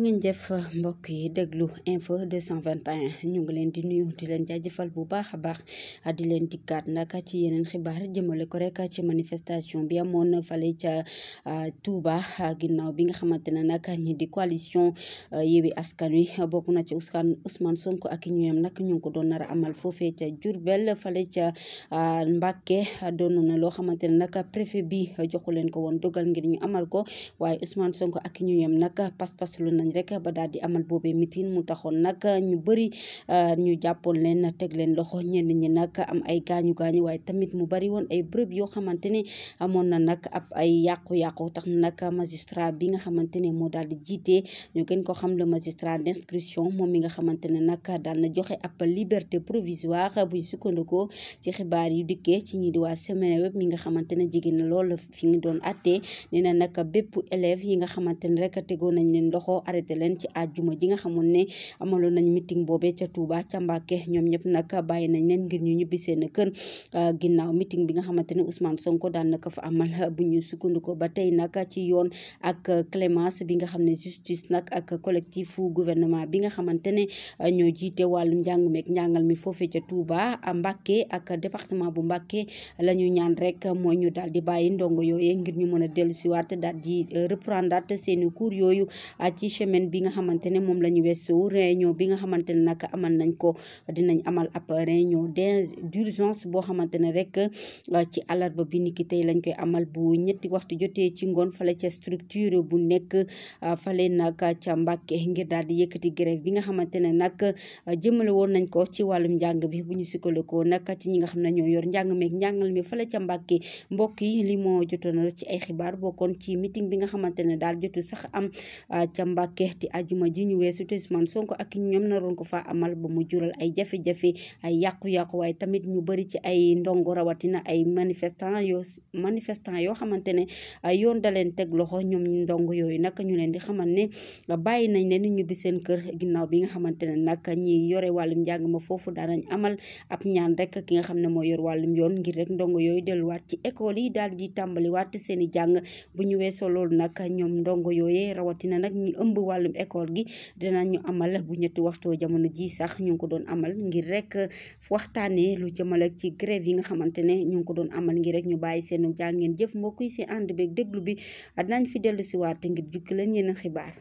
da ngeen jëf mbokk yi déglu info 221 ñu ngi leen di nuyu di leen jaajëfal bu baax a baax di leen dikkaat nag ci yeneen xibaar jëmale ko rek ci manifestation bi amoon fale ca Touba ginnaaw bi nga xamante ne nag ñi di coalition Yewwi Askan Wi bokk na ci Ousmane Ousmane Sonko ak i ñoom nag ñu ngi ko doon nar amal foofee ca Diourbel fale ca Mbacké doon na loo xamante ne nag préfet bi joxu leen ko woon dogal ngir ñu amal ko nañ rek ba daal di amal boobee mitin mu taxoon nag ñu bëri euh, ñu jàppoon leen teg leen loxo ñenn ñi nag am ay gaañu gaañu waaye tamit mu bari woon ay bërëb yoo xamante ne amoon na nag ab ay yàqu-yàqu tax na nag magistrat bi nga xamante ne moo daal di jiite ñu gën ko xam le magistrat d'instruction moom mi nga xamante ne nag daal na joxe ab liberté provisoire buñ sukkandikoo ci xibaar yu dikkee ci ñi di waa Seneweb mi nga xamante ne jege na lool fi ngi doon àttee nee na bépp élève yi nga xamante ne rek tegoo nañ leen loxo arrêté arrêté leen ci àjjuma ji nga xamoon ne amaloon nañ meeting boobee ca Touba ca Mbàkke ñoom ñëpp nag bàyyi nañ leen ngir ñu ñibbi seen kër euh, ginnaaw mitin bi nga xamante ne Ousmane Sonko daan na ko fa amal bu ñu sukkandikoo ba tey nag ci yoon ak clémence bi nga xam ne justice nag ak collectifu gouvernement bi nga xamante ne euh, ñoo jiite wàllu njàngumeek meeg njàngal mi foofee ca Touba Mbàkke ak département bu Mbàkke lañu ñaan rek mooy ñu dal di bàyyi ndongo yooyee ngir ñu mën a dellu siwaat di euh, reprendre seeni cours semaine bi nga xamante ne moom la ñu weesu réunion bi nga xamante ne nag amal nañ ko dinañ amal ab réunion d'urgence boo xamante ne rek euh, ci àllarba bi niki tey lañ koy amal bu ñetti waxtu jotee ci ngoon fale ca structure bu nekk euh, fale nag ca Mbàkke ngir daal di yëkkati grève bi nga xamante ne nag euh, jëmale woon nañ ko ci wàllum njàng bi bu ñu sukkandikoo nag ci ñi nga xam ne ñoo yor njàng meek njàngal mi fale ca Mbàkke mbokk yi li moo jotoon ci ay xibaar bokkoon ci meeting bi nga xamante ne daal jotu sax am ca Mbàkke njeexti ajuma ji ñu weesu te Ousmane Sonko ak ñoom naroon ko faa ay tamit ñu bëri ci ay ndongo rawatina ay manifestant manifestant yoo xamante ne yoon da leen teg loxo ñoom ndongo yooyu nag ñu leen di xaman ne bàyyi nañ leen ñu bi seen kër ginnaaw bi nga xamante ne nag ñi yore wàllum njàng ma foofu daanañ amal ab ñaan rek ki nga xam ne moo yor wàllum yoon ngir rek ndongo yooyu delluwaat ci école yi daal di tàmbaliwaat seen i jàng bu ñu weesoo loolu nag ñoom ndongo yooyee rawatina nag ñi ëmb bu wàllum école gi dinañu amal bu ñetti waxtoo jamono ji sax ñu ngi ko doon amal ngir rek euh, waxtaanee lu jëmal ci grève yi nga xamante ne ñu ngi ko doon amal ngir rek ñu bàyyi seen jàngeen jëf mbokk yi si ànd beeg déglu bi dinañ fi dellu si waat ngir jukki leen yeneen xibaar